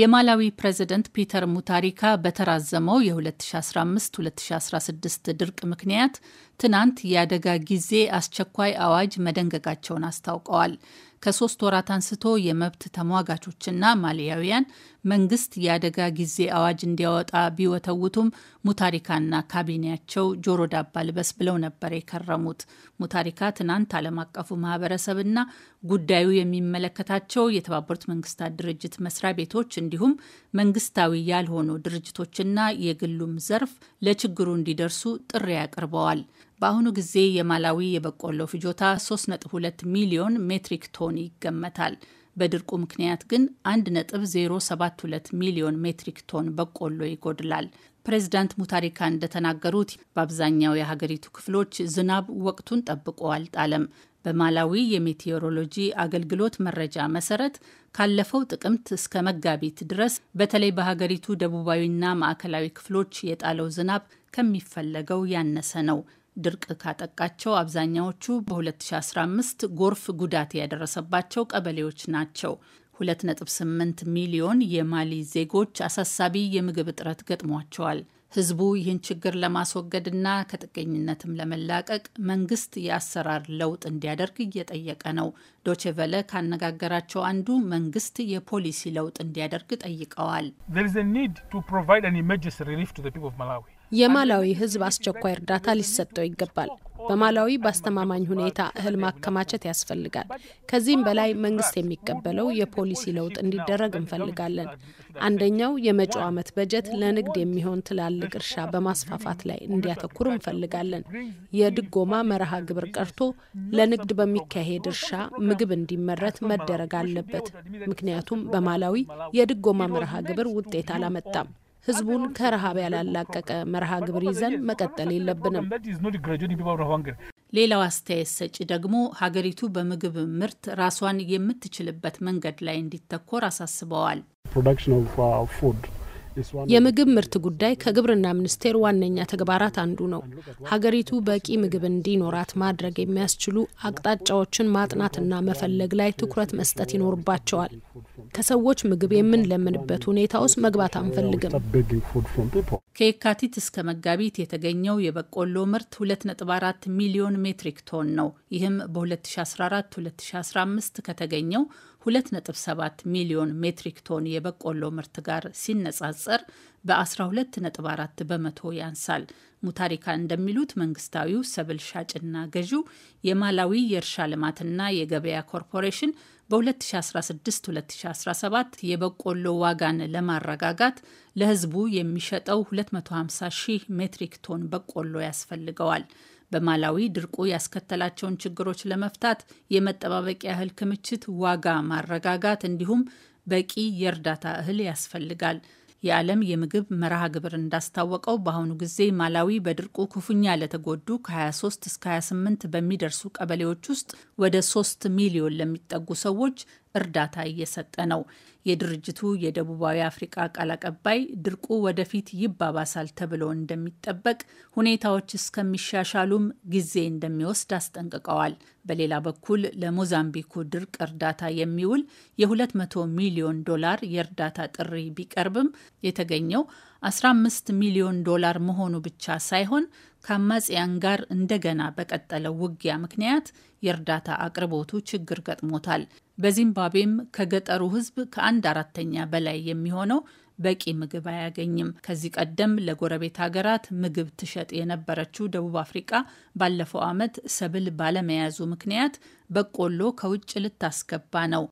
የማላዊ ፕሬዝደንት ፒተር ሙታሪካ በተራዘመው የ2015-2016 ድርቅ ምክንያት ትናንት የአደጋ ጊዜ አስቸኳይ አዋጅ መደንገጋቸውን አስታውቀዋል። ከሶስት ወራት አንስቶ የመብት ተሟጋቾችና ማሊያውያን መንግስት የአደጋ ጊዜ አዋጅ እንዲያወጣ ቢወተውቱም ሙታሪካና ካቢኔያቸው ጆሮ ዳባ ልበስ ብለው ነበር የከረሙት። ሙታሪካ ትናንት ዓለም አቀፉ ማህበረሰብና ጉዳዩ የሚመለከታቸው የተባበሩት መንግስታት ድርጅት መስሪያ ቤቶች እንዲሁም መንግስታዊ ያልሆኑ ድርጅቶችና የግሉም ዘርፍ ለችግሩ እንዲደርሱ ጥሪ ያቅርበዋል። በአሁኑ ጊዜ የማላዊ የበቆሎ ፍጆታ 3.2 ሚሊዮን ሜትሪክ ቶን ይገመታል። በድርቁ ምክንያት ግን 1.072 ሚሊዮን ሜትሪክ ቶን በቆሎ ይጎድላል። ፕሬዚዳንት ሙታሪካ እንደተናገሩት በአብዛኛው የሀገሪቱ ክፍሎች ዝናብ ወቅቱን ጠብቆ አልጣለም። በማላዊ የሜቴዎሮሎጂ አገልግሎት መረጃ መሰረት ካለፈው ጥቅምት እስከ መጋቢት ድረስ በተለይ በሀገሪቱ ደቡባዊና ማዕከላዊ ክፍሎች የጣለው ዝናብ ከሚፈለገው ያነሰ ነው። ድርቅ ካጠቃቸው አብዛኛዎቹ በ2015 ጎርፍ ጉዳት ያደረሰባቸው ቀበሌዎች ናቸው። 2.8 ሚሊዮን የማሊ ዜጎች አሳሳቢ የምግብ እጥረት ገጥሟቸዋል። ህዝቡ ይህን ችግር ለማስወገድና ከጥገኝነትም ለመላቀቅ መንግስት የአሰራር ለውጥ እንዲያደርግ እየጠየቀ ነው። ዶቼቨለ ካነጋገራቸው አንዱ መንግስት የፖሊሲ ለውጥ እንዲያደርግ ጠይቀዋል። የማላዊ ህዝብ አስቸኳይ እርዳታ ሊሰጠው ይገባል። በማላዊ በአስተማማኝ ሁኔታ እህል ማከማቸት ያስፈልጋል። ከዚህም በላይ መንግስት የሚቀበለው የፖሊሲ ለውጥ እንዲደረግ እንፈልጋለን። አንደኛው የመጪው ዓመት በጀት ለንግድ የሚሆን ትላልቅ እርሻ በማስፋፋት ላይ እንዲያተኩር እንፈልጋለን። የድጎማ መርሃ ግብር ቀርቶ ለንግድ በሚካሄድ እርሻ ምግብ እንዲመረት መደረግ አለበት። ምክንያቱም በማላዊ የድጎማ መርሃ ግብር ውጤት አላመጣም። ህዝቡን ከረሃብ ያላላቀቀ መርሃ ግብር ይዘን መቀጠል የለብንም። ሌላው አስተያየት ሰጪ ደግሞ ሀገሪቱ በምግብ ምርት ራሷን የምትችልበት መንገድ ላይ እንዲተኮር አሳስበዋል። uh, የምግብ ምርት ጉዳይ ከግብርና ሚኒስቴር ዋነኛ ተግባራት አንዱ ነው። ሀገሪቱ በቂ ምግብ እንዲኖራት ማድረግ የሚያስችሉ አቅጣጫዎችን ማጥናትና መፈለግ ላይ ትኩረት መስጠት ይኖርባቸዋል። ከሰዎች ምግብ የምንለምንበት ሁኔታ ውስጥ መግባት አንፈልግም። ከየካቲት እስከ መጋቢት የተገኘው የበቆሎ ምርት 2.4 ሚሊዮን ሜትሪክ ቶን ነው። ይህም በ2014-2015 ከተገኘው 2.7 ሚሊዮን ሜትሪክ ቶን የበቆሎ ምርት ጋር ሲነጻጸር በ12.4 በመቶ ያንሳል። ሙታሪካ እንደሚሉት መንግስታዊው ሰብል ሻጭና ገዢው የማላዊ የእርሻ ልማትና የገበያ ኮርፖሬሽን በ2016-2017 የበቆሎ ዋጋን ለማረጋጋት ለህዝቡ የሚሸጠው 250 ሺህ ሜትሪክ ቶን በቆሎ ያስፈልገዋል። በማላዊ ድርቁ ያስከተላቸውን ችግሮች ለመፍታት የመጠባበቂያ እህል ክምችት ዋጋ ማረጋጋት እንዲሁም በቂ የእርዳታ እህል ያስፈልጋል። የዓለም የምግብ መርሃ ግብር እንዳስታወቀው በአሁኑ ጊዜ ማላዊ በድርቁ ክፉኛ ለተጎዱ ከ23 እስከ 28 በሚደርሱ ቀበሌዎች ውስጥ ወደ 3 ሚሊዮን ለሚጠጉ ሰዎች እርዳታ እየሰጠ ነው። የድርጅቱ የደቡባዊ አፍሪቃ ቃል አቀባይ ድርቁ ወደፊት ይባባሳል ተብሎ እንደሚጠበቅ፣ ሁኔታዎች እስከሚሻሻሉም ጊዜ እንደሚወስድ አስጠንቅቀዋል። በሌላ በኩል ለሞዛምቢኩ ድርቅ እርዳታ የሚውል የ200 ሚሊዮን ዶላር የእርዳታ ጥሪ ቢቀርብም የተገኘው 15 ሚሊዮን ዶላር መሆኑ ብቻ ሳይሆን ከአማጽያን ጋር እንደገና በቀጠለው ውጊያ ምክንያት የእርዳታ አቅርቦቱ ችግር ገጥሞታል። በዚምባብዌም ከገጠሩ ሕዝብ ከአንድ አራተኛ በላይ የሚሆነው በቂ ምግብ አያገኝም። ከዚህ ቀደም ለጎረቤት ሀገራት ምግብ ትሸጥ የነበረችው ደቡብ አፍሪቃ ባለፈው ዓመት ሰብል ባለመያዙ ምክንያት በቆሎ ከውጭ ልታስገባ ነው።